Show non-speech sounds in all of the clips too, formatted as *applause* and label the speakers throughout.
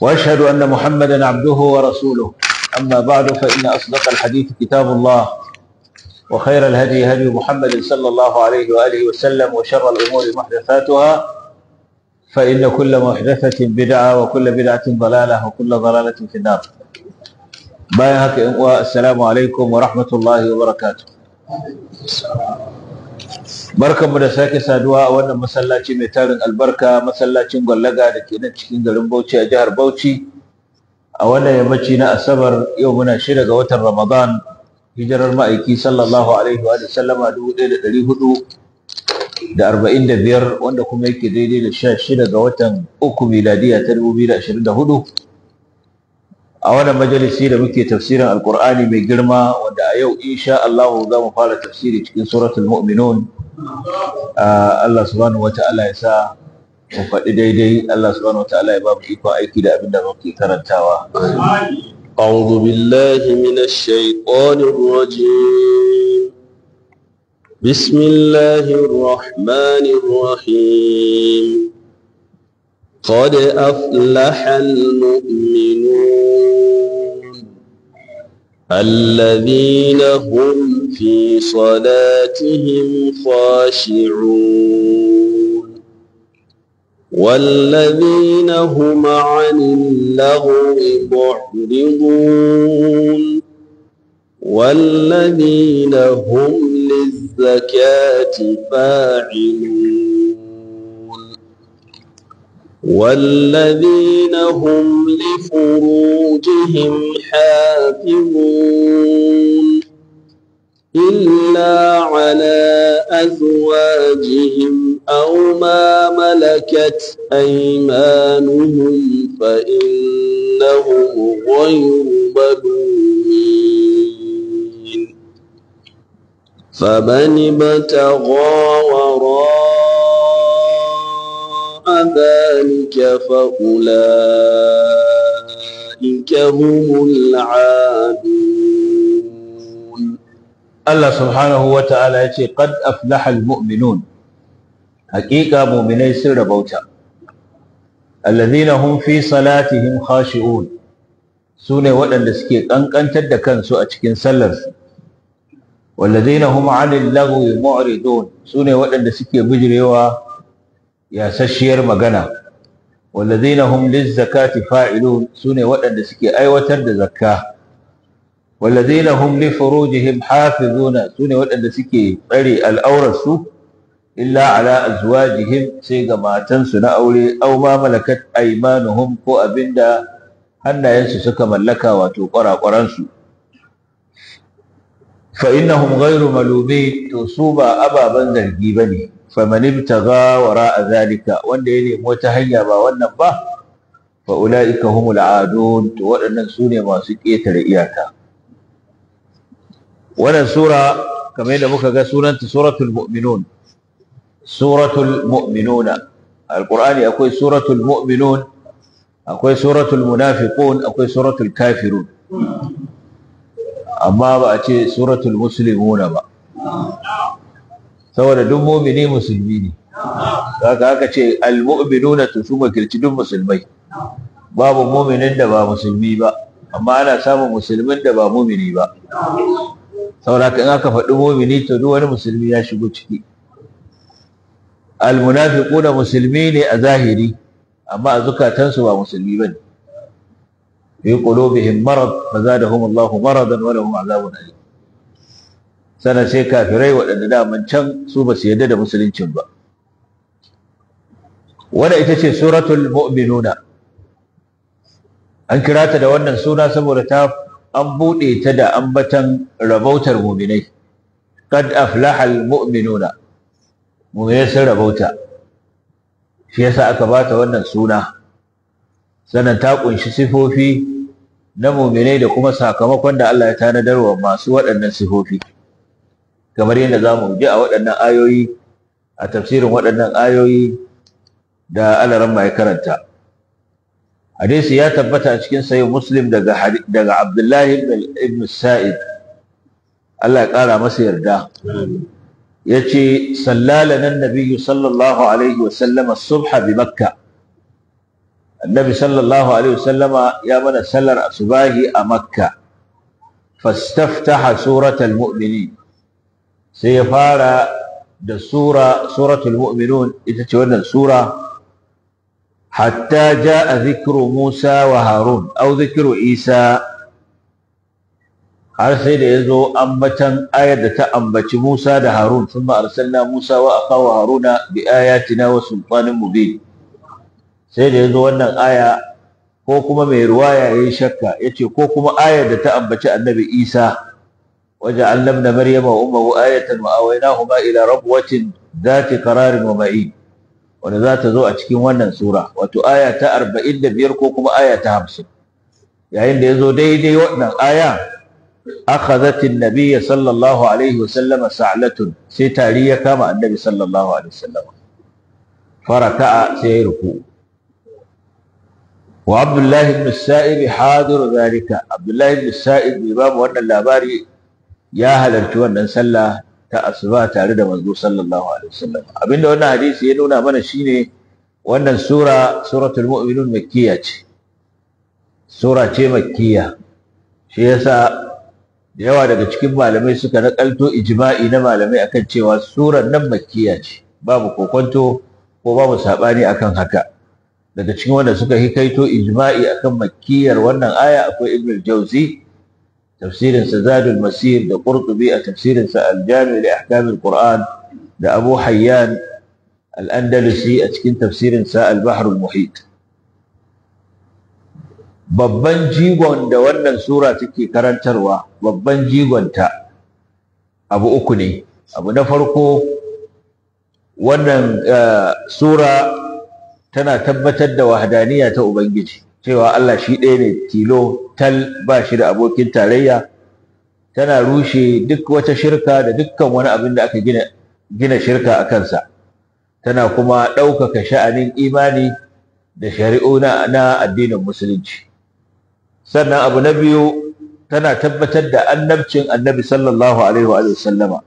Speaker 1: واشهد ان محمدا عبده ورسوله اما بعد فان اصدق الحديث كتاب الله وخير الهدي هدي محمد صلى الله عليه واله وسلم وشر الامور محدثاتها فان كل محدثه بدعه وكل بدعه ضلاله وكل ضلاله في النار السلام عليكم ورحمه الله وبركاته mu da sake saduwa a wannan masallaci mai tarin albarka masallacin gwallaga da ke nan cikin garin Bauchi a jihar Bauchi a wannan yammaci na Asabar yau muna shida ga watan Ramadan hijirar ma'aiki sallallahu alaihi wa sallama dubu ɗaya da ɗari hudu da arba'in da biyar wanda kuma yake daidai da sha shida ga watan uku miladiya ta dubu biyu da ashirin da hudu a wannan majalisi da muke tafsirin alkur'ani mai girma wanda a yau insha Allahu za mu fara tafsiri cikin suratul mu'minun Allah subhanahu wa ta'ala ya sa mu faɗi daidai Allah subhanahu
Speaker 2: wa ta'ala ya ba mu iko aiki da abin da muke karantawa أعوذ بالله من الشيطان الرجيم بسم الله الرحمن الرحيم قد أفلح المؤمنون الذين هم في صلاتهم خاشعون والذين هم عن اللغو معرضون والذين هم للزكاة فاعلون والذين هم لفروجهم حافظون إلا على أزواجهم أو ما ملكت أيمانهم فإنهم غير ملومين فمن ابتغى وراء ذلك فأولئك هم العادون Allah subhanahu wa
Speaker 1: ta'ala ya ce qad aflaha muminun' haƙiƙa mu'minai sun rabauta allazina hum fi salatihim khashi'un sune waɗanda suke ƙanƙantar da kansu a cikin sallarsu wallazina hum 'anil lagwi mu'ridun sune waɗanda suke bijirewa yasasshiyar magana wallazina hum lizzakati zakati fa'ilun sune waɗanda suke aiwatar da zakka waladina hum li furujihim hafizuna su ne waɗanda suke tsare al'aurarsu illa ala azwajihim sai ga matansu na aure aw ma malakat aymanuhum ko abinda hannayensu suka mallaka wato ƙwaraƙwaransu fa innahum ghairu malumin to su ba ababen zargi bane fa man ibtagha wara zalika wanda ya nemi wata hanya ba wannan ba fa ulaika humul adun to waɗannan sune masu ƙetare iyata. wannan sura kamar yadda muka ga sunanta suratul mu'minun suratul mu'minuna alqur'ani akwai suratul mu'minun akwai suratul munafiqun akwai suratul kafirun amma ba a ce suratul muslimuna ba saboda duk mu'mini musulmi ne haka haka ce almu'minuna to su makirci duk musulmai babu mu'minin da ba musulmi ba amma ana samun musulmin da ba mu'mini ba sauraka in aka faɗi mumini to duk wani musulmi ya shigo ciki almunafiquna musulmi ne a zahiri amma a zukatansu ba musulmi bane fi qulubihim marad fazadahum Allahu maradan wa lahum azabun alim sana sai kafirai waɗanda daman can su ba su yarda da musuluncin ba wanda ita ce suratul mu'minuna an kira ta da wannan suna saboda ta an buɗe ta da ambatan rabautar muminai kad aflahal muminuna, muminai sun rabauta shi yasa aka bata wannan suna sannan ta kunshi sifofi na muminai da kuma sakamakon da Allah ya tanadar wa masu waɗannan sifofi kamar yadda za mu ji a waɗannan ayoyi a tafsirin waɗannan ayoyi da alaran ya karanta hadisi ya tabbata a cikin sayi muslim daga abdullahi ibn sa'id Allah ya kara masa yarda Ya ce sallalana annabiyyu sallallahu alaihi wa sallama subha bi makka annabi sallallahu alaihi wa sallama ya mana sallar asubahi a makka fastaftaha suratul mu'minin sai ya fara da sura suratul mu'minun ita ce wannan sura hatta a dhikru Musa wa Harun au dhikru Isa har sai da yazo ambatan ayar da ta ambaci Musa da Harun thumma arsalna Musa wa akahu Haruna bi ayatina wa sultanin mubin sai da zo wannan aya ko kuma mai ruwaya yayi shakka yace ko kuma ayar da ta ambaci Annabi Isa وجعلنا ابن مريم وامه آية وآويناهما إلى ربوة ذات قرار ومعين wanda za ta zo a cikin wannan sura wato aya ta arba'in da biyar ko kuma aya ta hamsin yayin da ya zo daidai wannan aya akhazatin nabiyya sallallahu alaihi wasallama sa'latun sai tari ya kama annabi sallallahu alaihi wasallama faraka'a sai ya ruku wa abdullahi ibn sa'ib hadir zalika abdullahi ibn sa'ib babu wannan labari ya halarci wannan sallah ta asuba tare da manzo sallallahu alaihi wasallam abinda wannan hadisi ya nuna mana shine wannan sura suratul mu'minun makkiya ce sura ce makkiya shi yasa da yawa daga cikin malamai suka nakalto ijma'i na malamai akan cewa surar nan makkiya ce babu kokonto ko babu sabani akan haka daga cikin wanda suka hikaito ijma'i akan makkiyar wannan aya akwai ibnu jausi. jawzi tafsirin sa zadul masir da qurtubi a tafsirinsa sa al-jami quran da abu hayyan al a cikin tafsirin sa al-bahr al babban jigon da wannan sura take karantarwa babban jigonta abu uku ne abu na farko wannan sura tana tabbatar da wahadaniya ta ubangiji cewa Allah shi ɗaya ne tilo tal ba shi da abokin tarayya tana rushe duk wata shirka da dukkan wani abin da aka gina gina shirka a kansa tana kuma ɗaukaka sha'anin imani da shari'u na addinin musulunci sannan abu na biyu tana tabbatar da annabcin annabi sallallahu alaihi wa sallama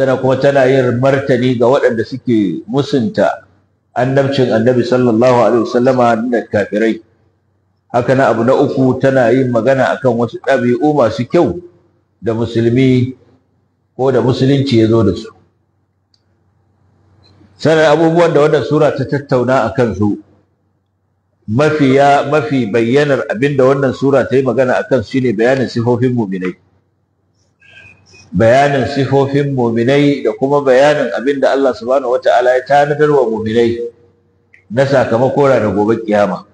Speaker 1: tana kuma tana yin martani ga waɗanda suke musunta annabcin annabi sallallahu alaihi wa sallama da kafirai haka na abu na uku tana yin magana akan wasu ɗabi'u masu kyau da musulmi ko da musulunci ya zo da su sanar abubuwan da wannan sura ta tattauna a kansu mafi ya mafi bayyanar abinda wannan sura ta yi magana akan shi ne bayanin sifofin muminai bayanin sifofin muminai da kuma bayanin abinda Allah subhanahu wata'ala ya tanadar wa muminai na sakamako da gobe kiyama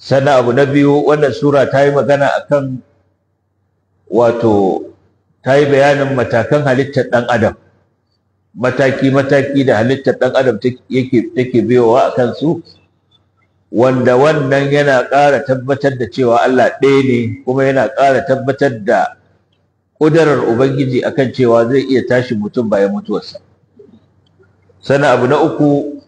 Speaker 1: sannan abu na biyu wannan sura ta yi magana akan wato ta yi bayanin matakan halittar ɗan adam mataki-mataki da halittar ɗan adam take biyowa a kansu wanda wannan yana ƙara tabbatar da cewa Allah ɗaya ne kuma yana ƙara tabbatar da ƙudurar Ubangiji akan cewa zai iya tashi mutum bayan mutuwarsa. Sana abu na uku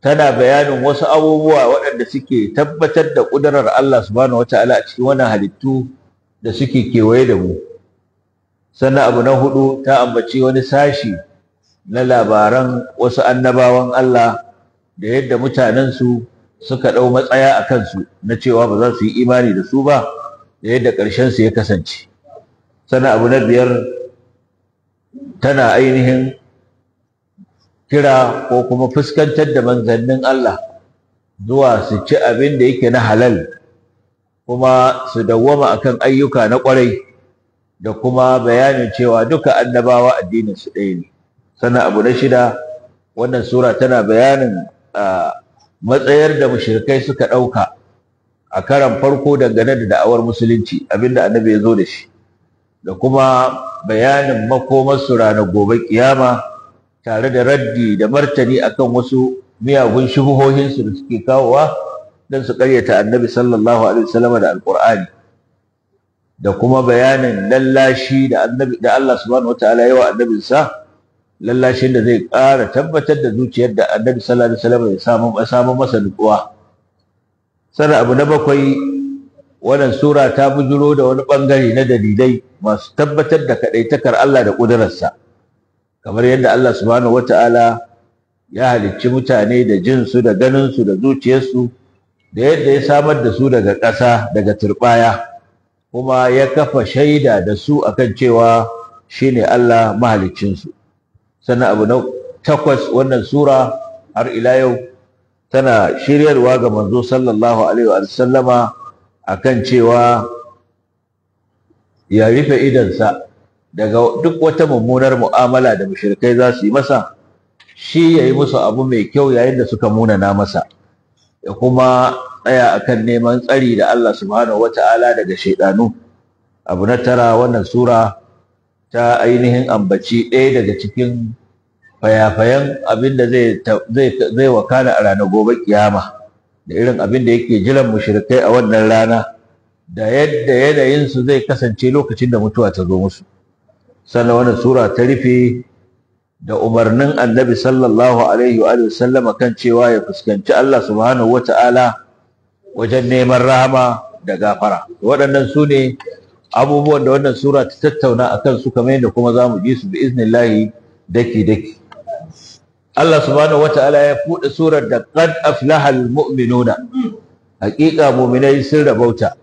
Speaker 1: tana bayanin wasu abubuwa waɗanda suke tabbatar da ƙudurar Allah subhanahu wata'ala a cikin wannan halittu da suke kewaye da mu sannan abu na hudu ta ambaci wani sashi na labaran wasu annabawan Allah da yadda mutanensu suka ɗau matsaya a kansu na cewa ba za su yi imani da su ba da yadda ƙarshen su ya kasance sannan abu na biyar tana ainihin kira ko kuma fuskantar da manzannin Allah zuwa su ci abin da yake na halal kuma su dawwama akan ayyuka na ƙwarai da kuma bayanin cewa duka annabawa addinin su ɗaya ne sannan abu na shida wannan sura tana bayanin matsayar da mushrikai suka ɗauka a karan farko dangane da da'awar musulunci abinda annabi ya zo da shi da kuma bayanin makomarsu ranar gobe kiyama tare da raddi da martani akan wasu miyagun su da suke kawowa don su karyata annabi sallallahu alaihi wasallam da da kuma bayanin lallashi da annabi da Allah subhanahu wataala annabinsa lallashin da zai ƙara tabbatar da zuciyar da annabi sallallahu alaihi wasallam ya samu masa nutsuwa sannan abu na bakwai wannan sura ta bujuro da wani bangare na dalilai masu tabbatar da kaɗaitakar Allah da ƙudurarsa kamar yadda Allah subhanahu wata'ala ya halicci mutane da jinsu da ganinsu da zuciyarsu da yadda ya samar da su daga ƙasa daga turɓaya kuma ya kafa shaida da su akan cewa shine Allah mahaliccinsu sannan abu na takwas wannan sura har ila yau tana shiryarwa ga manzo sallallahu alaihi wa sallama akan cewa ya rufe idansa daga duk wata mummunar mu'amala da mushrikai za su yi masa shi ya yi musu abu mai kyau yayin da suka munana masa ya kuma tsaya akan neman tsari da Allah subhanahu wata'ala daga shaidanu abu na tara wannan sura ta ainihin ambaci ɗaya daga cikin fayafayan abin da zai wakana a ranar gobe kiyama da irin abin da yake jiran mushrikai a wannan rana da yadda yanayinsu zai kasance lokacin da mutuwa ta zo musu sannan wannan sura ta rufe da umarnin annabi sallallahu alaihi wa sallama kan cewa ya fuskanci Allah subhanahu wa ta'ala wajen neman rahama da gafara waɗannan su ne abubuwan da wannan sura ta tattauna a kansu kamar yadda kuma za mu ji su bi iznillahi daki daki Allah subhanahu wa ta'ala ya buɗe surar da qad aflaha muminuna, haƙiƙa mu'minai sun rabauta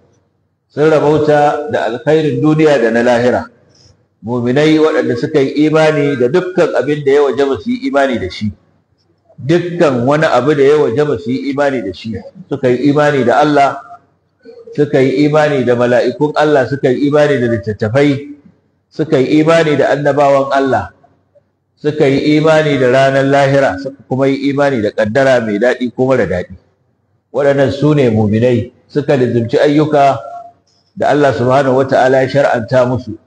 Speaker 1: sun rabauta da alkhairin duniya da na lahira muminai waɗanda suka yi imani da dukkan abin da ya waje su yi imani da shi dukkan wani abu da ya waje su yi imani da shi suka yi imani da Allah suka yi imani da mala'ikun Allah suka yi imani da littattafai suka yi imani da annabawan Allah suka yi imani da ranar lahira suka kuma yi imani da ƙaddara mai daɗi kuma da daɗi waɗannan su ne muminai suka lizimci ayyuka da Allah subhanahu ya shar'anta musu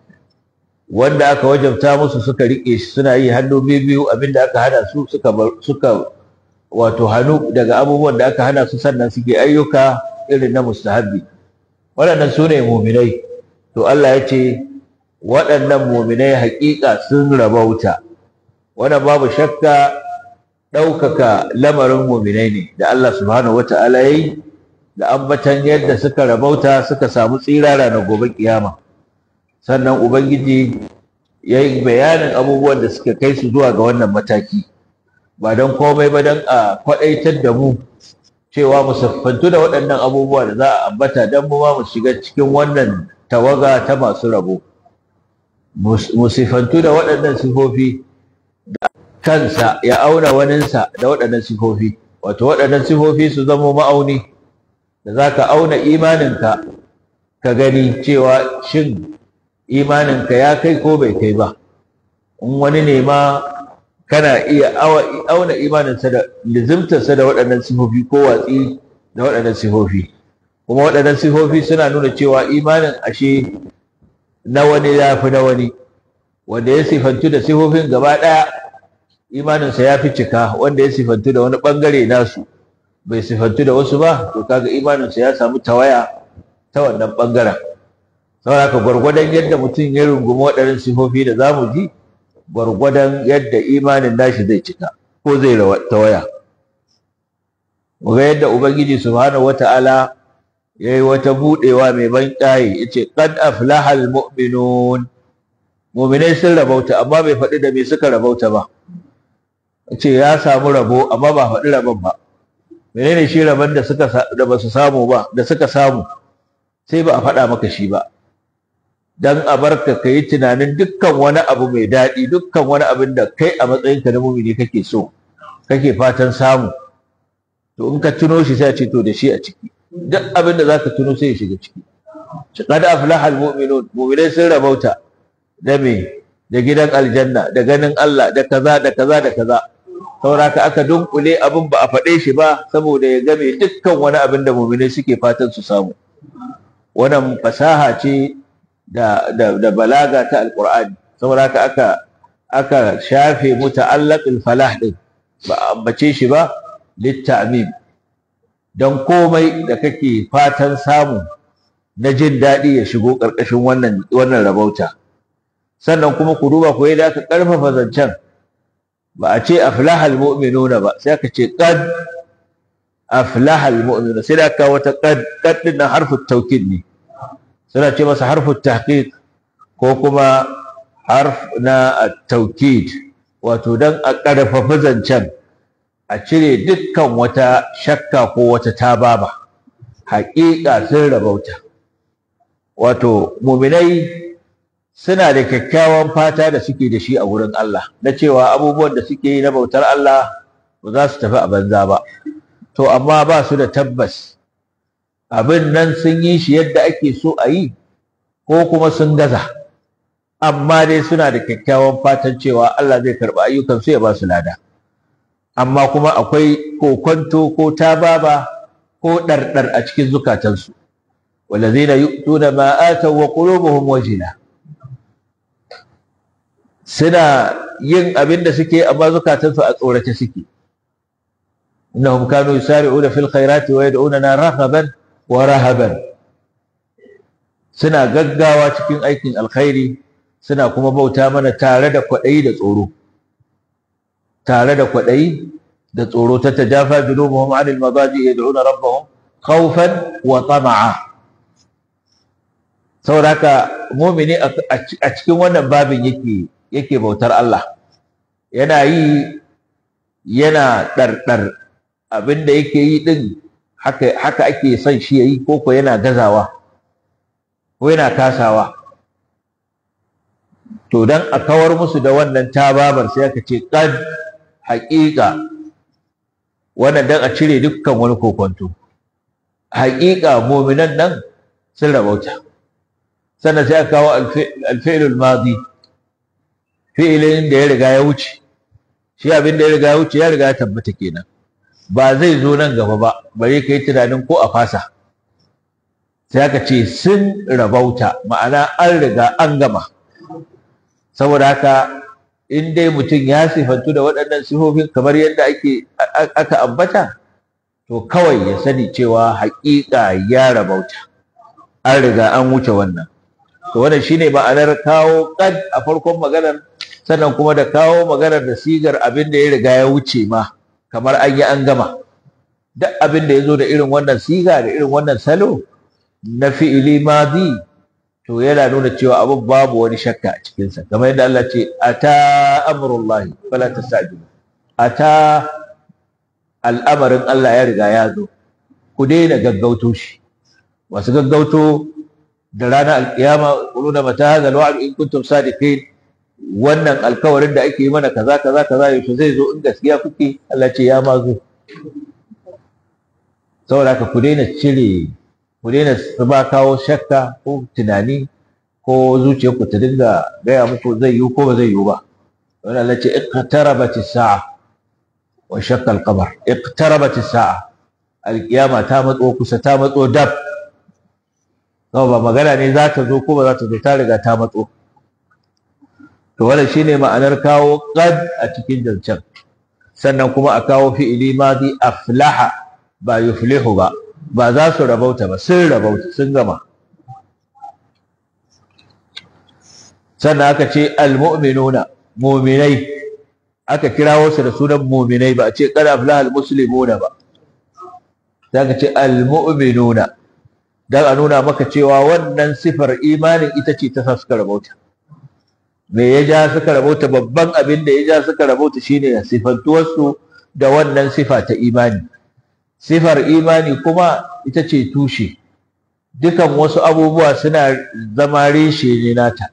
Speaker 1: wanda aka wajabta musu suka riƙe shi suna yi hannu biyu biyu abinda aka hana su suka suka wato hannu daga abubuwan da aka hana su sannan suke ayyuka irin na mustahabbi waɗannan su ne muminai to Allah ya ce waɗannan muminai haƙiƙa sun rabauta wannan babu shakka ɗaukaka lamarin muminai ne da Allah subhanahu wata'ala ya yi da ambatan yadda suka rabauta suka samu tsirara na gobe kiyama sannan ubangiji ya yi bayanin abubuwan da suka kai su zuwa ga wannan mataki ba don komai ba don a kwaɗaitar da mu cewa mu siffantu da waɗannan abubuwa da za a ambata don mu ma mu shiga cikin wannan tawaga ta masu rabo mu siffantu da waɗannan sifofi da kansa ya auna waninsa da waɗannan sifofi wato waɗannan sifofi su zama ma'auni da za ka auna imaninka ka gani cewa shin imaninka ya kai ko bai kai ba in wani ne ma kana iya auna imaninsa da lizimtarsa da waɗannan sifofi ko watsi da waɗannan sifofi kuma waɗannan sifofi suna nuna cewa imanin ashe na wani ya fi na wani wanda ya sifantu da sifofin gaba ɗaya imaninsa ya fi cika wanda ya sifantu da wani ɓangare nasu bai sifantu da wasu ba to kaga imaninsa ya samu tawaya ta wannan ɓangaren saboda ka gwargwadon yadda mutum ya rungumi waɗannan sifofi da za mu ji gwargwadon yadda imanin nashi zai cika ko zai tawaya ga yadda ubangiji subhanahu ta'ala ya yi wata buɗewa mai ban ƙaye ya ce ƙan aflahal mu'minun mu'minai sun rabauta amma bai faɗi da me suka rabauta ba ce ya samu rabo amma ba faɗi rabon ba menene shi rabon da suka da ba su samu ba da suka samu sai ba a faɗa maka shi ba dan a bar ka yi tunanin dukkan wani abu mai daɗi dukkan wani abin da kai a matsayinka na mumini kake so kake fatan samu to in ka tuno shi sai ce to da shi a ciki duk abin da za ka tuno sai ya shiga ciki qad aflahal mu'minun mu'minai sun rabauta da me da gidan aljanna da ganin Allah da kaza da kaza da kaza saura ka aka dunkule abin ba a faɗe shi ba saboda ya game dukkan wani abin da mu'minai suke fatan su samu wannan fasaha ce da balaga ta Alƙur'ani. saboda haka aka aka shafe muta'allaqil falah din ba ambace shi ba litta'mim don komai da kake fatan samu na jin daɗi ya shigo ƙarƙashin wannan wannan rabauta sannan kuma ku duba ku yadda aka ƙarfafa zancen ba a ce aflahal mu'minuna ba sai aka ce qad aflahal mu'minuna sai da aka wata qad qad din harfin taukin ne suna ce masa harfin tahqiq ko kuma harf na taukid wato don a ƙarfafa zancen a cire dukkan wata shakka ko wata tababa haƙiƙa sun rabauta wato muminai suna da kyakkyawan fata da suke da shi a wurin Allah na cewa abubuwan da suke yi na bautar Allah ba za su tafi a banza ba to amma ba su da tabbas abin nan sun yi shi yadda ake so a yi ko kuma sun gaza amma dai suna da kyakkyawan fatan cewa Allah zai karɓi ayyukan su ya ba su lada amma kuma akwai kokonto ko tababa ko ɗarɗar a cikin zukatansu والذين يؤتون ما wa وقلوبهم وجلة suna yin abin da suke amma zukatansu a tsorace suke innahum kanu yusari'una fil khairati wa yad'unana rahaban wa rahaban suna gaggawa cikin aikin alkhairi suna kuma bauta mana tare da kwaɗayi da tsoro tare da kwaɗayi da tsoro ta tajafa junubuhum anil madaji yad'una rabbahum khawfan wa tama'a sauraka mumini a cikin wannan babin yake yake bautar Allah yana yi yana ɗarɗar abinda yake yi ɗin haka haka ake son shi yayi ko ko yana gazawa ko yana kasawa to dan a kawar musu da wannan tababar sai aka ce kad haqiqa wannan dan a cire dukkan wani kokonto haqiqa mu'minan nan sun rabauta sannan sai aka kawo alfi'lul madi fi'ilin da ya riga ya wuce shi abin da ya riga ya wuce ya riga ya tabbata kenan ba zai zo nan gaba ba bare ka yi tunanin ko a fasa sai aka ce sun rabauta ma'ana an riga an gama saboda haka in dai mutum ya sifantu da waɗannan sifofin kamar yadda ake aka ambata to kawai ya sani cewa haƙiƙa ya rabauta an riga an wuce wannan to wannan shine ma'anar kawo kad a farkon maganar sannan kuma da kawo maganar da sigar abin da ya riga ya wuce ma kamar an yi an gama duk abin da ya zo da irin wannan siga da irin wannan salo na fi'ili madi to yana nuna cewa abin babu wani shakka a cikinsa kamar yadda Allah ce a ata amrullahi fala a ta al'amarin Allah ya riga ya zo ku daina gaggauto shi wasu gaggauto da ranar alƙiyama ƙuluna mata hadha alwa'd in kuntum sadiqin wannan alkawarin da ake yi mana kaza kaza kaza yaushe zai zo in gaskiya kuke Allah ce ya ma zo saboda haka ku daina cire ku daina ba kawo shakka ko tunani ko zuciyarku ta dinga gaya muku zai yiwu ko ba zai yiwu ba wani Allah ce iqtarabat as-sa'a wa shakka al-qamar iqtarabat saa al ta matso kusa ta matso dab ba magana ne za ta zo ko ba za ta zo ta riga ta matso to wannan shine ma'anar kawo qad a cikin zancen sannan kuma a kawo fi'ili madi aflaha ba yuflihu ba ba za su rabauta ba sun rabauta sun gama sannan aka ce almu'minuna mu'minai aka kirawo su da sunan mu'minai ba a ce qad aflaha almuslimuna ba sai aka ce almu'minuna dan a nuna maka cewa wannan sifar imanin ita ce ta saskar bauta me ya ja suka rabauta babban abin da ya ja suka rabauta shine sifantuwarsu da wannan sifa ta imani sifar imani kuma ita ce tushe dukan wasu abubuwa suna zama reshe ne nata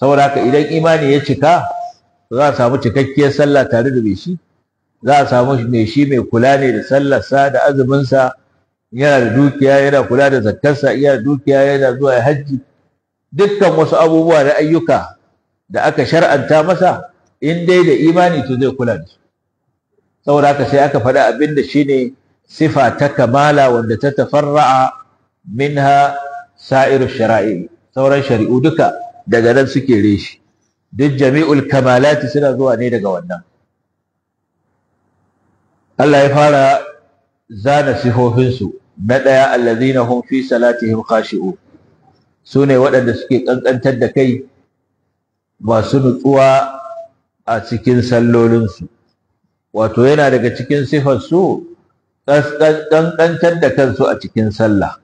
Speaker 1: saboda haka idan imani ya cika za a samu cikakkiyar sallah tare da mai shi za a samu mai shi mai kula ne da sallarsa da azuminsa yana da dukiya yana kula da zakkarsa yana da dukiya yana zuwa hajji dukkan wasu abubuwa da ayyuka da aka shar'anta masa in dai da imani to zai kula da su saboda haka sai aka faɗa abin da shine sifa ta kamala wanda ta tafarra'a minha sa'iru shara'i sauran shari'u duka daga nan suke reshi duk jami'ul kamalati suna zuwa ne daga wannan Allah ya fara zana sifofinsu na ɗaya allazina hum fi salatihim khashi'un su ne waɗanda suke ƙanƙantar da kai masu nutsuwa a cikin sallolinsu wato yana daga cikin sifarsu ƙanƙantar da kansu a cikin sallah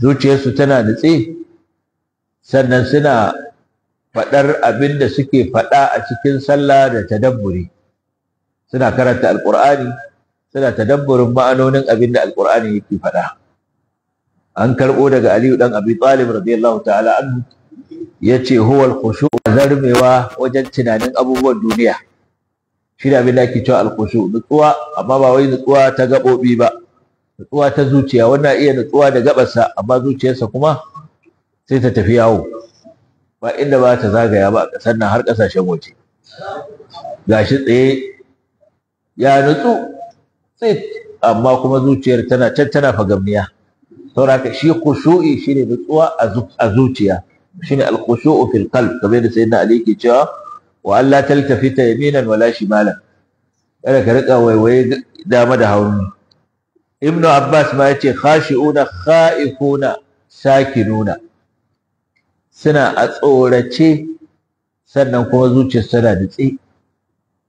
Speaker 1: zuciyarsu tana nutse sannan suna faɗar abin da suke faɗa a cikin sallah da tadabburi suna karanta alƙur'ani suna tadabburin ma'anonin abin da alƙur'ani yake faɗa an karɓo daga Aliyu ɗan Abi Talib radiyallahu ta'ala anhu yace huwa al-khushu zarmewa wajen tunanin abubuwan duniya shi da abin da ake cewa al nutsuwa amma ba wai nutsuwa ta gabobi ba nutsuwa ta zuciya wannan iya nutsuwa da gaɓarsa, amma zuciyarsa kuma sai ta tafi yawo ba inda ba ta zagaya ba a ƙasar nan har ƙasashen waje gashi tsaye ya nutsu sai amma kuma zuciyar tana can tana fagamniya saboda shi khushu'i shine nutsuwa a zuciya shine al-khushu'u fil qalb kamar da sayyidina Ali ke cewa wa Allah taltafita yaminan wala shimalan kada ka riƙa waiwaye dama da hauni ibnu abbas ma yace khashi'una khaifuna sakinuna suna a tsorace sannan kuma zuciyar tana nutse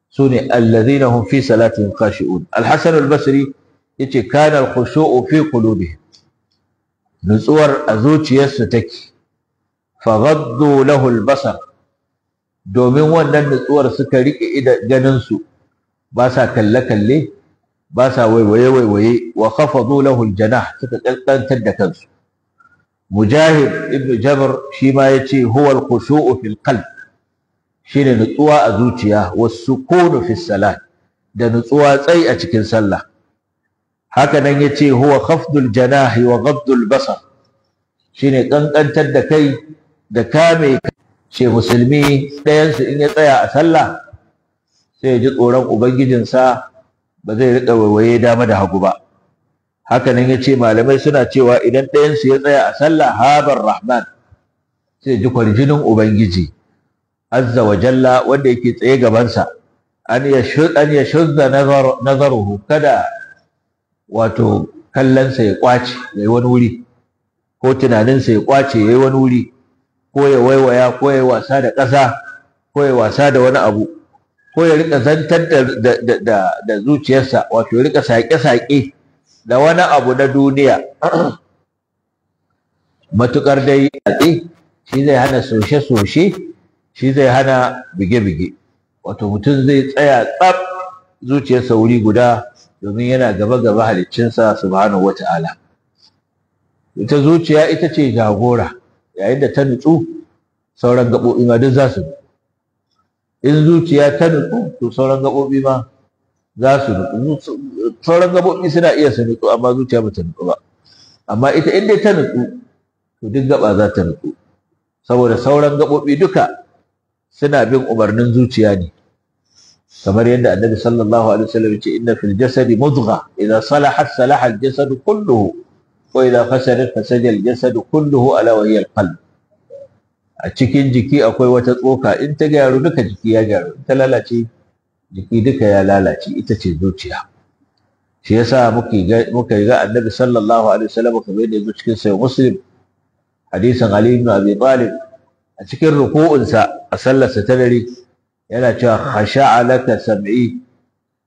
Speaker 1: su ne allazina hum fi salatihim khashi'un al-hasan basri yace kana al-khushu'u fi qulubihim nutsuwar a zuciyarsu take faghaddu lahul basar domin wannan nutsuwar suka rike ganin ganinsu ba sa kalle kalle ba sa waiwaye waiwaye wa khafadu lahu suka kankantar da kansu mujahid ibn jabr shi ma yace huwa alkhushu'u fil qalb shine nutsuwa a zuciya wasu sukunu fis salat da nutsuwa tsai a cikin sallah haka nan ya ce huwa khafdul janahi wa ghaddul basar shine kankantar da kai da kame ce musulmi ɗayansu in ya tsaya a sallah sai ya ji tsoron ubangijinsa ba zai riƙa waiwaye dama da hagu ba haka nan ya ce malamai suna cewa idan ɗayansu ya tsaya a sallah habar rahman sai ji kwarjinin ubangiji azza wa jalla wanda yake tsaye gabansa an ya shudda nazaruhu kada wato kallonsa ya kwace ya yi wani wuri ko tunaninsa ya kwace ya yi wani wuri ko ya waiwaya ko ya wasa da ƙasa ko ya wasa da wani abu ko ya rika zantar da zuciyarsa wato ya rika saƙe-saƙe da wani abu na duniya *clears throat* matukar dai yaƙi shi zai hana soshe-soshe shi zai hana bige-bige wato mutum zai tsaya tsab zuciyarsa wuri guda domin yana gaba gaba su subhanahu wata'ala ita zuciya ita ce jagora yayin da ta nutsu sauran gaɓoɓi ma duk za su in zuciya ta nutsu to sauran gaɓoɓi ma za su nutsu sauran gaɓoɓi suna iya su nutsu amma zuciya ba ta nutsu ba amma ita in dai ta nutsu to duk gaba za ta nutsu saboda sauran gaɓoɓi duka suna bin umarnin zuciya ne kamar yadda annabi sallallahu alaihi wasallam ya ce inna fil jasadi mudgha idza salahat salaha al jasad kulluhu wa idza fasadat fasada al jasad kulluhu ala wa al qalb a cikin jiki akwai wata tsoka in ta gyaru duka jiki ya gyaru ta lalace jiki duka ya lalace ita ce zuciya shi yasa ga muka ga annabi sallallahu alaihi wasallam kamar yadda yazo cikin sahih muslim hadisin ali ibn abi talib a cikin ruku'unsa a sallarsa ta dare yana cewa khasha'a laka sam'i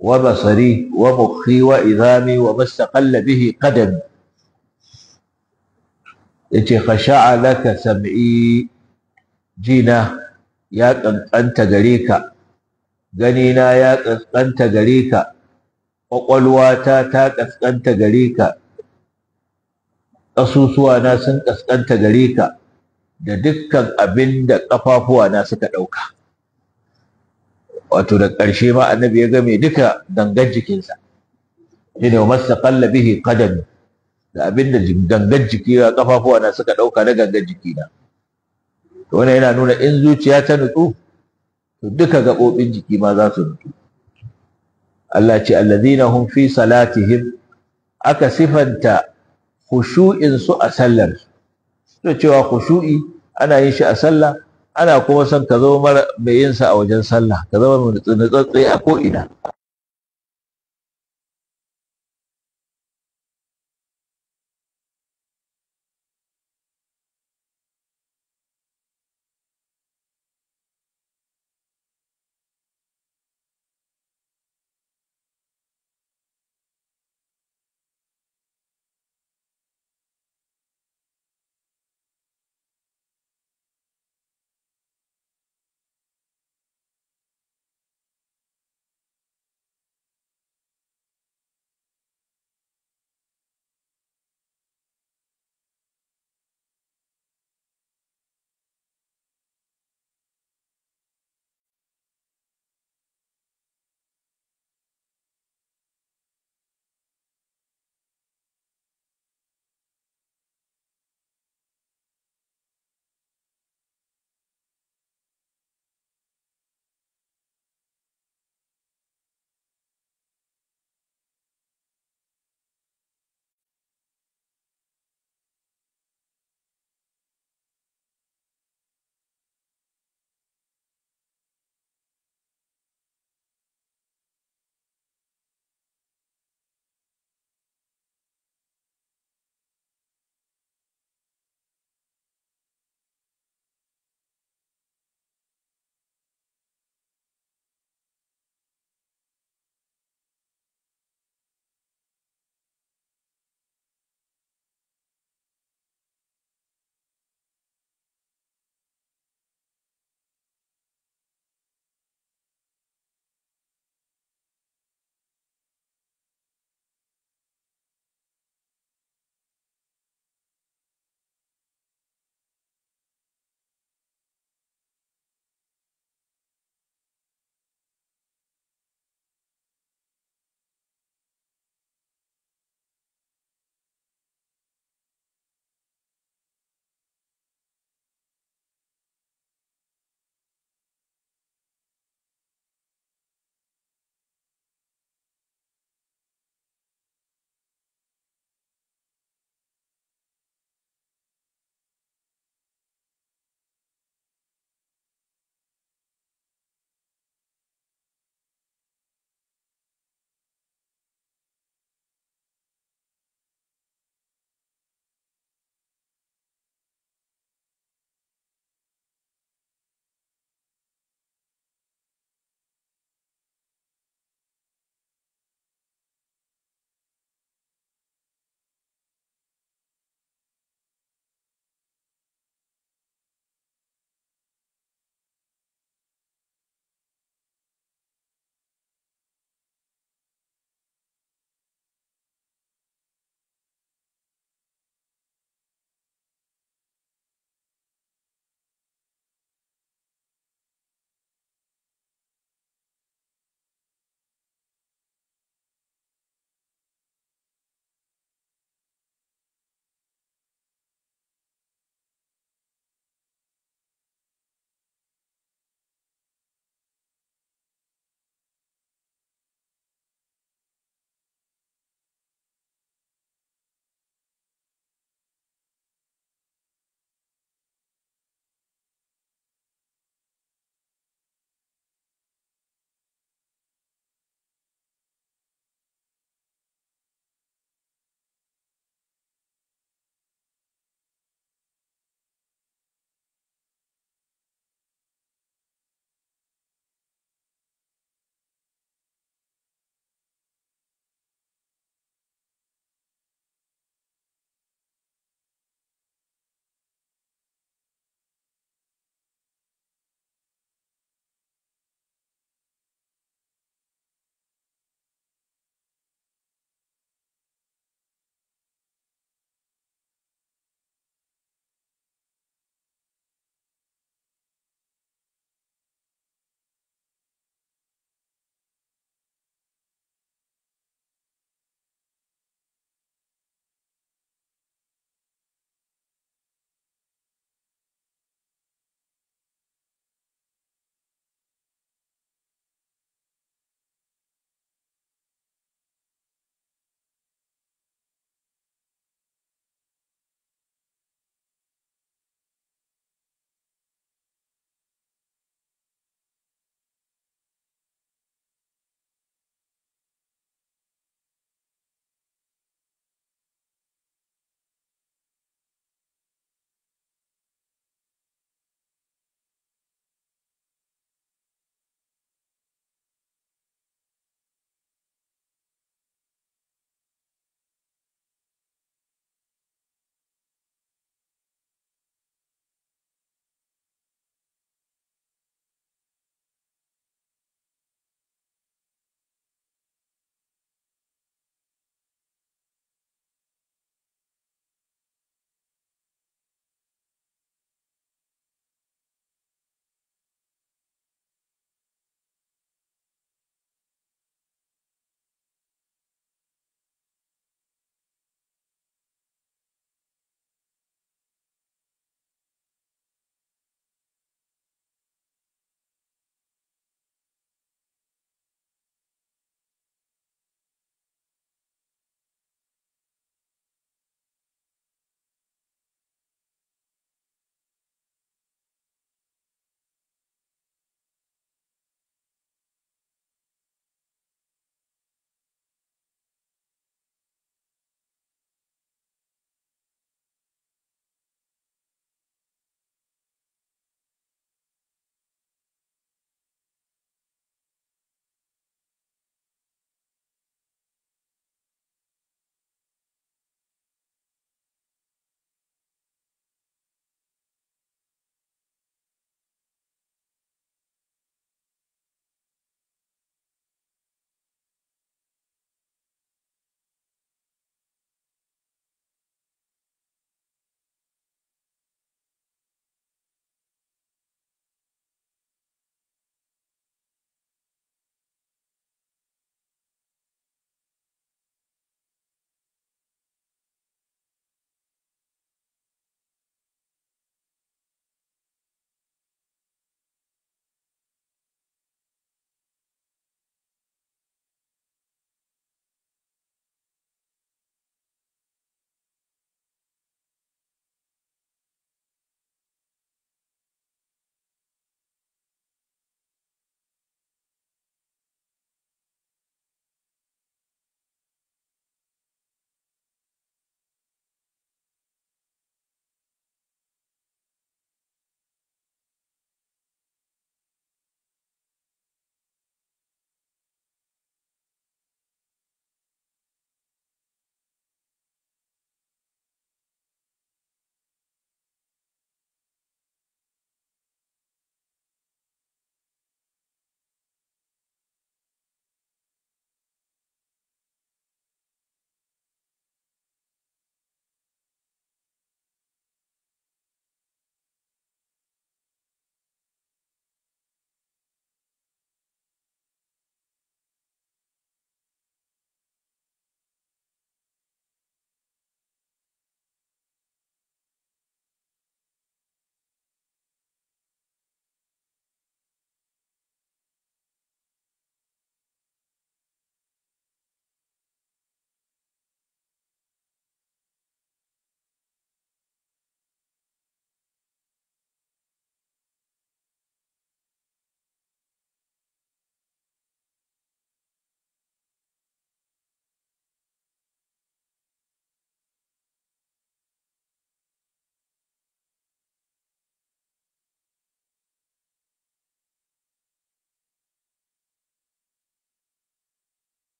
Speaker 1: wa basari wa mukhi wa idhami wa mastaqalla bihi qadami yace khasha'a laka sam'i jina ya kankanta gare ka gani na ya kankanta gare ka kwakwalwata ta kankanta gare ka ƙasusuwa na sun kaskanta gare ka da dukkan abin da na suka ɗauka wato da ƙarshe ma annabi ya game duka gangan jikinsa shi ne masa kalla bihi da abinda gangan jiki na ƙafafuwa na suka ɗauka na gangan jiki na to wannan yana nuna in zuciya ta nutsu to duka gaɓoɓin jiki ma za su nutsu Allah ce allazina hum fi salatihim aka sifanta khushu'in su a sallar su cewa khushu'i ana yin shi a sallah ana kuma son ka zama mai yin sa a wajen sallah ka zama
Speaker 2: mai nutsatse a ko'ina.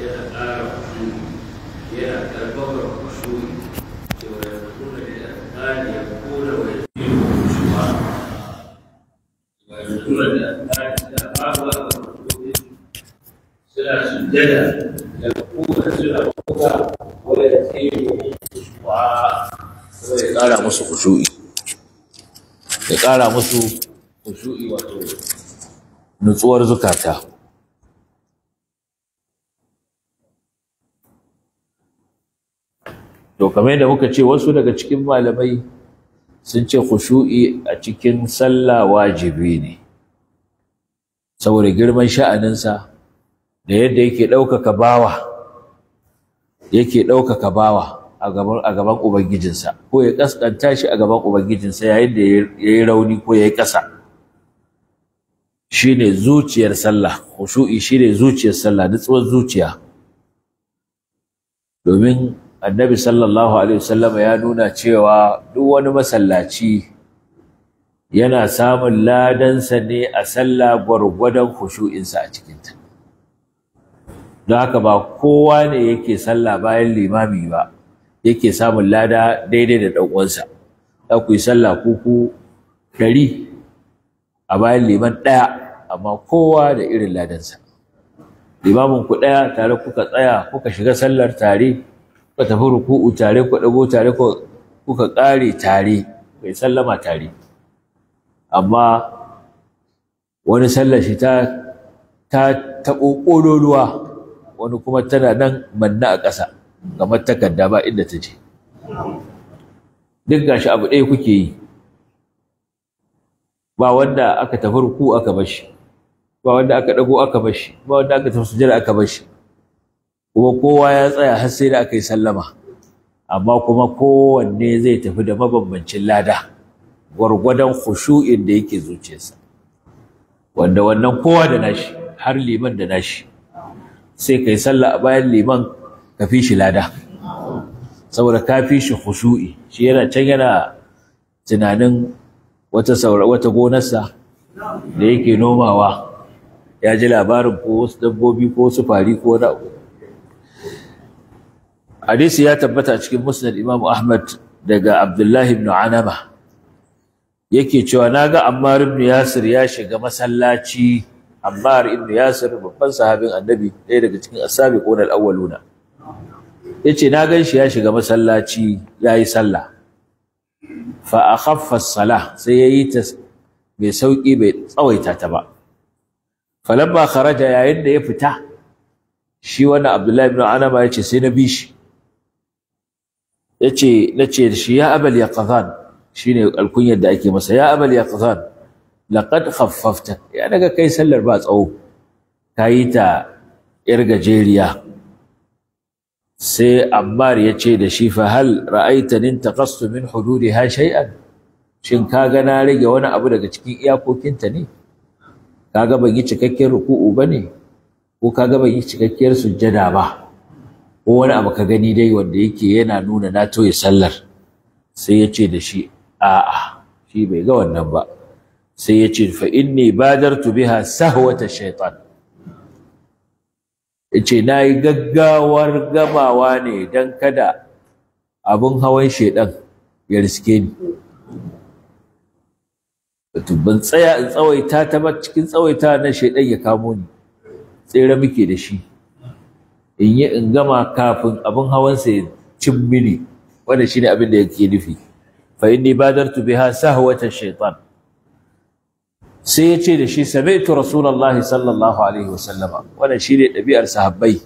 Speaker 2: yana ƙara kusuri yana ƙarfafar kusuri cewa ya da da da da
Speaker 1: ƙara musu kusuri wato nutsuwar zukata to kamar yadda muka ce wasu daga cikin malamai sun ce khushu'i a cikin sallah wajibi ne saboda girman sha'aninsa da yadda yake ɗaukaka bawa yake ɗaukaka bawa a gaban a gaban ubangijinsa ko ya kaskanta shi a gaban ubangijinsa yayin da ya yi rauni ko ya yi ƙasa shine zuciyar sallah khushu'i shine zuciyar sallah nutsuwar zuciya domin annabi sallallahu alaihi wasallam ya nuna cewa duk wani masallaci yana samun ladansa ne a sallah gwargwadon khushu'insa a cikinta don haka ba kowa ne yake sallah bayan limami ba yake samun lada daidai da ɗan uwansa za ku yi sallah kuku ɗari a bayan liman ɗaya amma kowa da irin ladansa limamin ku ɗaya tare kuka tsaya kuka shiga sallar tare kuka tafi ruku'u tare ku ɗago tare kuka ƙare tare bai sallama tare amma wani sallar shi ta ta taɓo ƙololuwa wani kuma tana nan manna a ƙasa kamar takarda ba inda ta je duk gashi abu ɗaya kuke yi ba wanda aka tafi ruku aka bar shi ba wanda aka ɗago aka bar shi ba wanda aka tafi sujjada aka bar shi kuma kowa ya tsaya har sai da aka yi sallama amma kuma kowanne zai tafi da mabambancin lada gwargwadon khushu'in da yake zuciyarsa wanda wannan kowa da nashi har liman da nashi sai kai sallah a bayan liman ka fi shi lada saboda ka fi shi khushu'i shi yana can yana tunanin wata saura wata gonarsa da yake nomawa ya ji labarin ko wasu dabbobi ko wasu fari ko wani abu hadisi ya tabbata a cikin musnad Imam Ahmad daga Abdullahi ibn Anama yake cewa ga Ammar ibn Yasir ya shiga masallaci Ammar ibn Yasir babban sahabin Annabi ɗaya daga cikin as-sabiqun al Ya yace na gan shi ya shiga masallaci yayi sallah fa a as-salah sai yayi ta mai sauki bai tsawaita ta ba falamma kharaja yayin da ya fita shi wannan Abdullahi ibn Anama ce sai na bi shi yace nace shi ya abal yaqzan shine alkunyar da ake masa ya abal yaqzan laqad khaffafta ya daga kai sallar ba tsawo kayi ta yar gajeriya sai Ammar ya ce da shi fa hal ra'aita nin taqassu min hududiha shay'an shin kaga na rage wani abu daga cikin iyakokinta ne kaga ban yi cikakken ruku'u bane ko ga ban yi cikakkiyar sujjada ba ko wani abu ka gani dai wanda yake yana nuna na toye sallar sai ya ce da shi a'a shi bai ga wannan ba sai ya ce fa inni badartu biha sahwata shaitan yace na yi gaggawar gamawa ne don kada abun hawan shaidan ya riske ni ban tsaya in tsawaita ta ba cikin tsawaita na shaiɗan ya kamo ni tsere muke da shi in yi in gama kafin abin hawansa ya cin mini shi ne abin da yake nufi fa inni badartu biha sahwata shaitan sai ya ce da shi sami'tu rasulullahi sallallahu alaihi wasallama shi shine ɗabi'ar sahabbai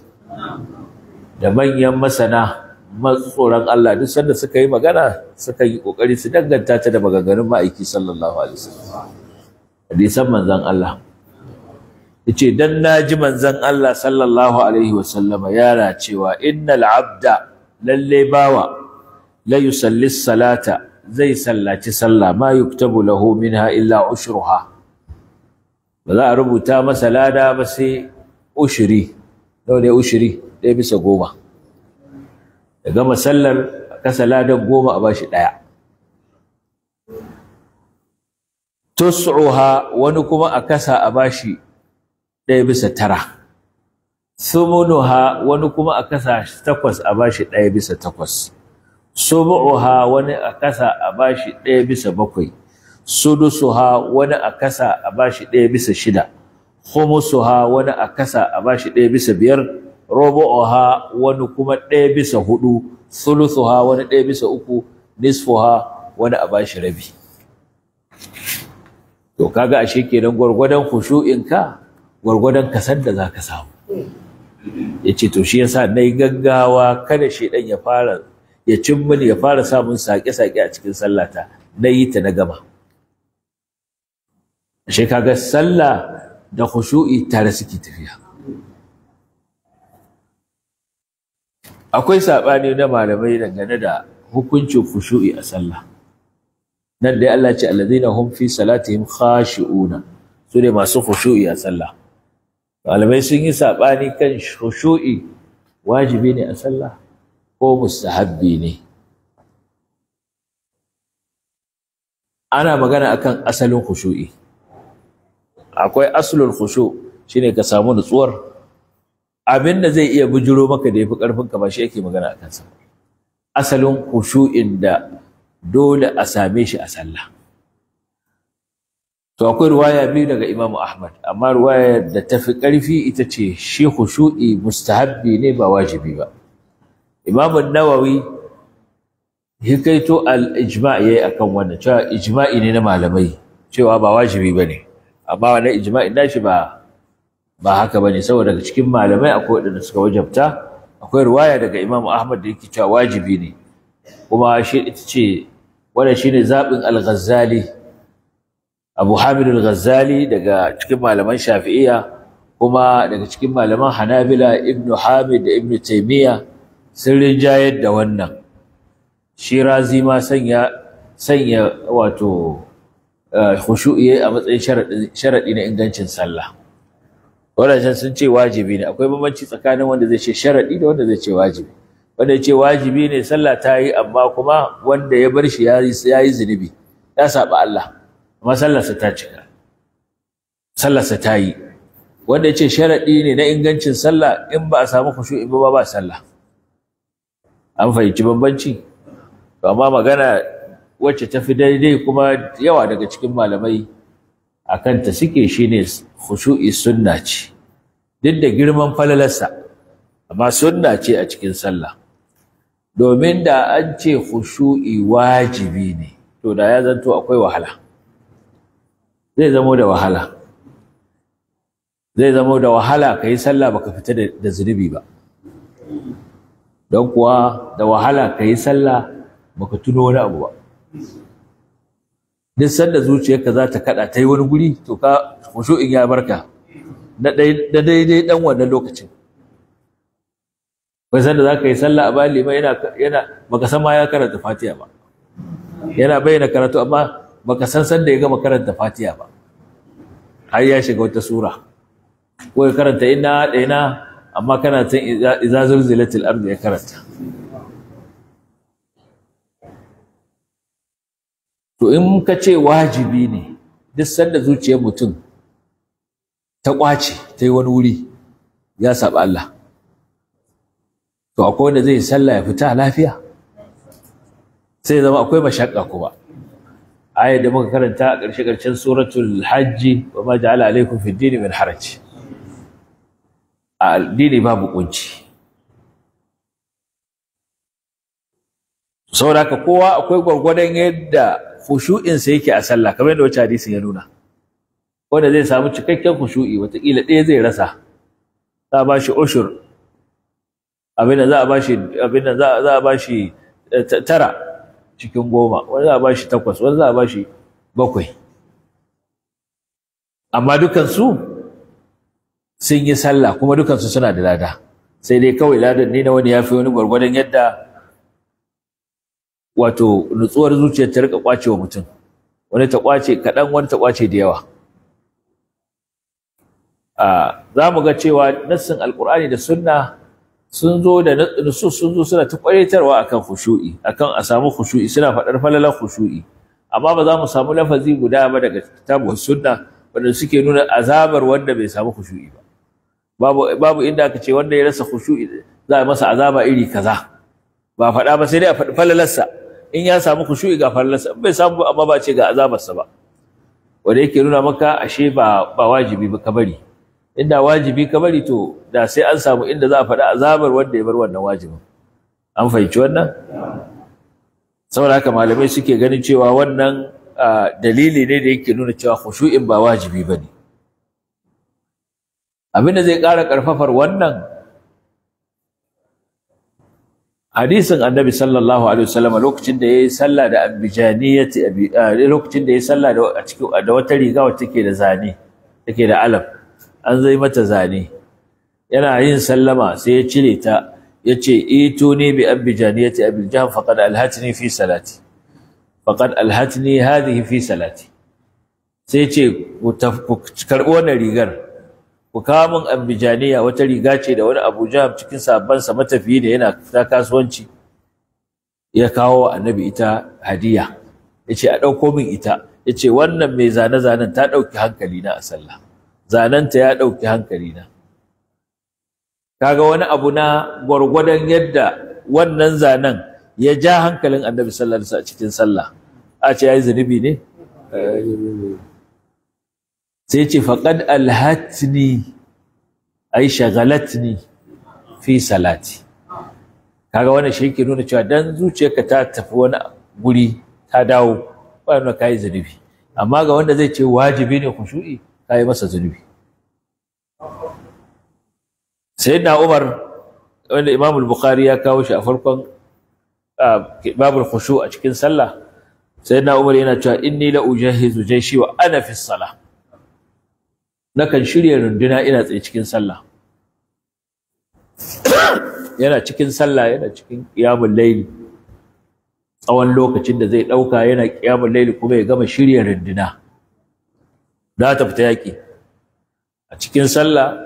Speaker 1: da manyan masana masu tsoron Allah duk sanda suka yi magana suka yi kokari su danganta ta da maganganun ma'aiki sallallahu alaihi wasallam hadisan manzon Allah yace dan naji manzon Allah sallallahu alaihi wasallama yana cewa innal abda lalle bawa la yusalli salata zai sallaci sallah ma yuktabu lahu minha illa ushruha ba za a rubuta masa lada ba sai ushiri nawa ne ushiri ɗaya bisa goma ya gama sallar kasa ladan goma a bashi ɗaya tus'uha wani kuma a kasa a bashi ɗaya bisa tara sumunuha wani kuma a kasa takwas a bashi ɗaya bisa takwas subu'uha wani a kasa a bashi ɗaya bisa bakwai sudusuha wani a kasa a bashi ɗaya bisa shida khumusuha wani a kasa a bashi ɗaya bisa biyar rubu'uha wani kuma ɗaya bisa hudu thuluthuha wani ɗaya bisa uku nisfuha wani a bashi rabi to kaga ashe kenan gwargwadon ka. gwargwadon kasar da za ka samu ya ce to shi yasa na yi gaggawa kada ɗan ya fara ya cin mini ya fara samun sake-sake a cikin sallata na yi ta na gama shi kaga sallah da khushu'i tare suke tafiya akwai saɓani na malamai dangane da hukuncin khushu'i a sallah nan dai Allah ce allazina hum fi salatihim khashi'una su ne masu khushu'i a sallah malamai sun yi saɓani kan khushu'i wajibi ne a sallah ko mustahabbi ne ana magana akan asalin khushu'i akwai aslul khushu shine ka samu nutsuwar abin da zai iya bujiro maka da yafi fi ƙarfinka ba shi yake magana akan asalin khushu'in da dole a same shi a sallah to akwai ruwaya biyu daga Imam Ahmad amma ruwaya da ta fi ƙarfi ita ce shi khushu'i mustahabbi ne ba wajibi ba Imamu Nawawi hikaito al-ijma' yayi akan wannan cewa ijma'i ne na malamai cewa ba wajibi bane amma wannan ijma'in nashi ba ba haka bane saboda daga cikin malamai akwai waɗanda suka wajabta akwai ruwaya daga Imam Ahmad da yake cewa wajibi ne kuma shi ita ce wannan shine zabin al-Ghazali abu hamid al-ghazali daga cikin malaman shafi'iyya kuma daga cikin malaman hanabila ibnu hamid da ibnu taymiya sun rinjayar da wannan shirazi ma sanya sanya wato eh, khushu'i a matsayin sharaɗi na ingancin sallah wadannan sun ce wajibi ne akwai bambanci tsakanin wanda zai ce sharaɗi da wanda zai ce wajibi wanda ya ce wajibi ne sallah ta yi amma kuma wanda ya bar shi ya yi zunubi ya saba Allah amma sallarsa ta cika sallarsa ta yi wanda ya ce sharaɗi ne na ingancin sallah in ba a samu in ba ba sallah an fahimci bambanci to amma magana wacce ta fi daidai kuma yawa daga cikin malamai a kanta suke shi shine khushu'i sunna ce duk da girman falalarsa amma sunna ce a cikin sallah domin da an ce kushu'i wajibi ne to da ya zanto akwai wahala zai zamo da wahala zai zamo da wahala ka yi sallah baka fita da zunubi ba don kuwa da wahala ka yi sallah baka tuno wani abu ba duk sanda zuciyarka za ta kada ta yi wani guri to ka in ya barka na daidai dan wannan lokacin bai sanda za ka yi sallah a bayan ma yana baka sama ya karanta fatiha ba yana bayyana karatu amma baka san sanda ya gama karanta Fatiya ba har ya shiga wata sura ko ya karanta ina ina amma kana san iza zulzilatil ardi ya karanta to in ka ce wajibi ne duk sanda zuciyar mutum ta kwace ta yi wani wuri ya saba Allah to akwai wanda zai sallah ya fita lafiya sai zama akwai mashakka kuma ayar da muka karanta a ƙarshe ƙarshen suratul hajji wa ma ja'ala alaikum fid dini min haraj a addini babu kunci saboda haka kowa akwai gwargwadon yadda fushu'insa yake a sallah kamar yadda wacce hadisin ya nuna wanda zai samu cikakken kushu'i watakila ɗaya zai rasa za a ba shi ushur abin da za a ba shi eh, tara cikin goma wani za a bashi takwas wani za a bashi bakwai amma dukansu sun yi sallah kuma dukansu suna da lada sai dai kawai ladan ne na wani ya fi wani gwargwadon yadda wato nutsuwar zuciyar ta rika kwace wa mutum wani ta kwace kaɗan wani ta kwace da yawa ah, za mu ga cewa nassin alkur'ani da sunna sun zo da nusu sun zo suna ta kwaraitarwa akan khushu'i akan a samu khushu'i suna faɗar falalar khushu'i amma ba za mu samu lafazi guda ba daga kitabu sunna wanda suke nuna azabar wanda bai samu khushu'i ba babu babu inda aka ce wanda ya rasa khushu'i za a masa azaba iri kaza ba faɗa ba sai dai a faɗi falalarsa in ya samu khushu'i ga falalarsa bai samu amma ba ce ga azabarsa ba wanda yake nuna maka ashe ba ba wajibi ba ka bari inda wajibi ka bari to da sai an samu inda za a faɗi azabar wanda ya bar wannan wajibin an fahimci wannan saboda haka malamai suke ganin cewa wannan dalili ne da yake nuna cewa khushu'in ba wajibi bane abinda zai ƙara ƙarfafar wannan hadisin annabi sallallahu alaihi wasallam lokacin da yayi sallah da abijaniyati lokacin da yayi sallah da a cikin da wata rigawa take da zane take da alam an zai mata zane yana yin sallama sai ya cire ta ya ce ituni bi abbijaniyati abil jahm faqad alhatni fi salati faqad alhatni hadhihi fi salati sai ce ku karɓi wannan rigar ku kawo min ambijaniya wata riga ce da wani abu cikin sabansa matafiyi da yana ta kasuwanci ya kawo wa annabi ita hadiya ya ce a ɗauko min ita ya ce wannan mai zane-zanen ta ɗauki hankali na a sallah zananta ya ɗauki hankalina kaga wani abu na gwargwadon yadda wannan zanen ya ja hankalin annabi sallallahu alaihi cikin sallah a ce yayi zunubi ne sai ce faqad alhatni ai
Speaker 2: shagalatni
Speaker 1: fi salati kaga wannan shi yake nuna cewa dan zuciyarka ta tafi wani guri ta dawo ba ka kai zunubi amma ga wanda zai ce wajibi ne ku shuɗi. Ta yi masa zunubi na umar wanda imam al-bukhari ya kawo shi a farkon babul khushu a cikin sallah na umar yana cewa inni la ujahizu jaishi wa ana fi sallah nakan shirya runduna ina tsaye cikin sallah yana cikin sallah yana cikin qiyamul laili, tsawon lokacin da zai ɗauka yana qiyamul laili kuma ya gama shirya runduna za ta fita yaƙi a cikin sallah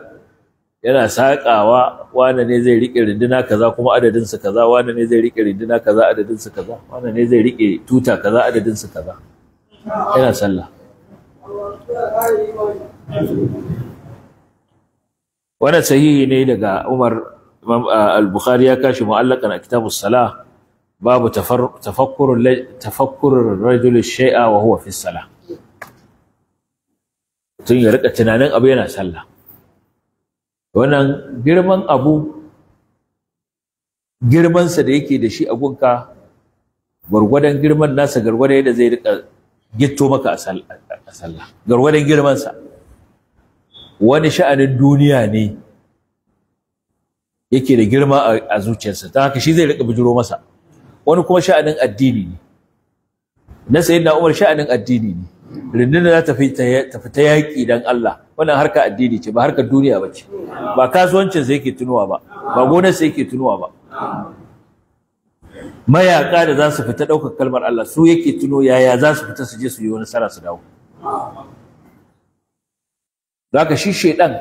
Speaker 1: yana saƙawa wane ne zai riƙe rinduna kaza kuma adadinsa kaza wane ne zai riƙe rinduna kaza adadinsa kaza wane ne zai riƙe tuta kaza adadinsa kaza yana sallah wannan sahihi ne daga Umar Al-Bukhari ya kashi mu'allaqan a kitabus Sala, babu tafakkurur tafakkurur rajul shay'a wa huwa fi salah mutum ya rika tunanin abu yana sallah wannan girman abu girmansa da yake da shi a gunka gwargwadon girman nasa gwargwadon yadda zai rika gitto maka a sallah gwargwadon girmansa wani sha'anin duniya ne yake da girma a zuciyarsa ta haka shi zai rika bijiro masa wani kuma sha'anin addini ne na sayyidina umar sha'anin addini ne rundunar za ta tafi ta yaƙi dan Allah wannan harka addini ce ba harka duniya ba ce ba kasuwancin sai yake tunuwa ba ba gonar sai yake tunuwa ba mayaka da za su fita ɗaukar kalmar Allah su yake tuno yaya za su fita su je su yi wani sara su dawo zaka shi shedan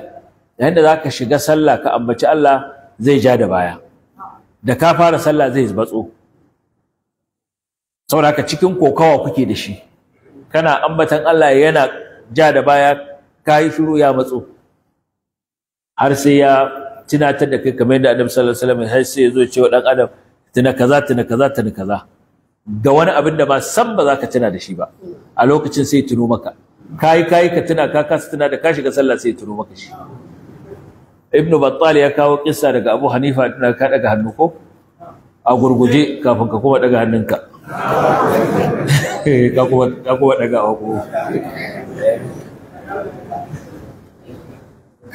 Speaker 1: yayin da za ka shiga sallah ka ambaci Allah zai ja da baya da ka fara sallah zai batso saboda haka cikin kokawa kuke da shi kana ambatan Allah yana ja da baya kayi shiru ya matso har sai ya tunatar da kai kamar yadda Adam sallallahu alaihi wasallam har sai ya zo cewa dan Adam tuna kaza tuna kaza tuna kaza ga wani abin da ba san ba za ka tuna da shi ba a lokacin sai tuno maka kai kai ka tuna ka kasa tuna da ka shiga sallah sai tuno maka shi ibn battal ya kawo kissa daga abu hanifa da ka daga hannu ko a gurguje kafin ka kuma daga hannunka ibnu ɗagowa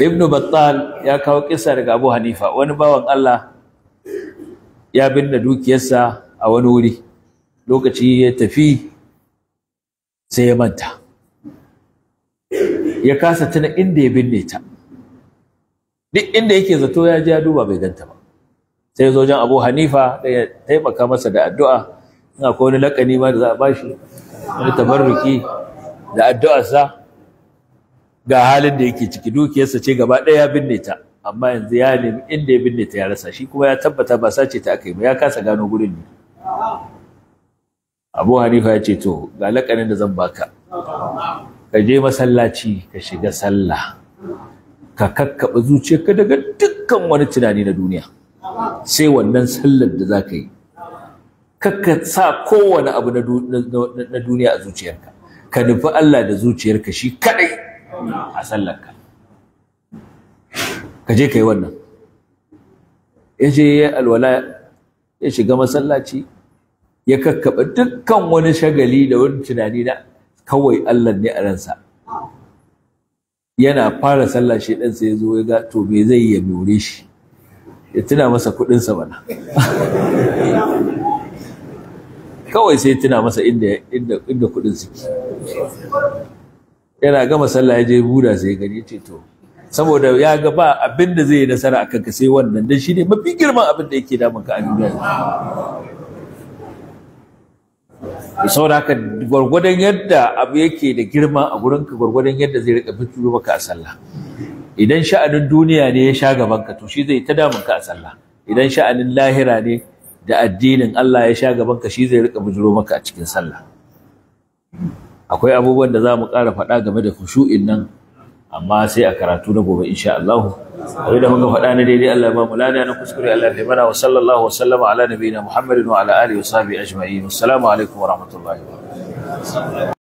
Speaker 1: ibn battal ya kawo kisa daga abu hanifa wani bawan allah ya binne dukiyarsa a wani wuri lokaci ya tafi sai ya manta ya kasa tuna inda ya binne ta duk inda yake zato ya ji ya duba bai ganta ba sai ya zo jan abu hanifa da ya taimaka masa da addu'a na akwai wani lakani ma da za a bashi wani tabarruki da addu'arsa ga halin da yake ciki dukiyarsa ce gaba ɗaya ya binne ta amma yanzu ya nemi inda ya binne ta ya rasa shi kuma ya tabbata ba sace ta aka yi ba ya kasa gano gurin ne abu hanifa ya ce to ga lakanin da zan baka ka je masallaci ka shiga sallah ka kakkaɓe zuciyarka daga dukkan wani tunani na duniya sai wannan sallar da za ka yi kakka sa kowane abu na duniya a zuciyarka ka nufi Allah da zuciyarka shi kadai a sallarka ka je ka yi wannan ya je ya alwala ya shiga masallaci ya kakkaɓa dukkan wani shagali da wani tunani na kawai Allah ne a ransa yana fara sallah shi dan sai ya zo ya ga to me zai ya more shi ya tuna masa kuɗinsa bana *laughs* kawai sai tuna masa inda inda inda kuɗin suke yana gama sallah ya je buda sai ya gani ce to saboda ya ga ba abin da zai yi nasara akan ka sai wannan dan shine mafi girman abin da yake damun ka a duniya saboda haka gwargwadon yadda abu yake da girma a gurinka gwargwadon yadda zai rika fituro maka a sallah idan sha'anin duniya ne ya sha gaban ka, to shi zai ta damun ka a sallah idan sha'anin lahira ne da addinin Allah ya sha gaban ka shi zai rika bujuro maka a cikin sallah akwai abubuwan da za mu ƙara faɗa game da khushu'in nan amma sai a karatu na gobe insha Allah
Speaker 2: kai da muka faɗa
Speaker 1: na daidai Allah ya ba mu lada na kuskure Allah ya mana wa sallallahu wa sallama ala nabiyina Muhammadin wa ala alihi wa sahbihi ajma'in assalamu alaikum wa rahmatullahi wa
Speaker 2: barakatuh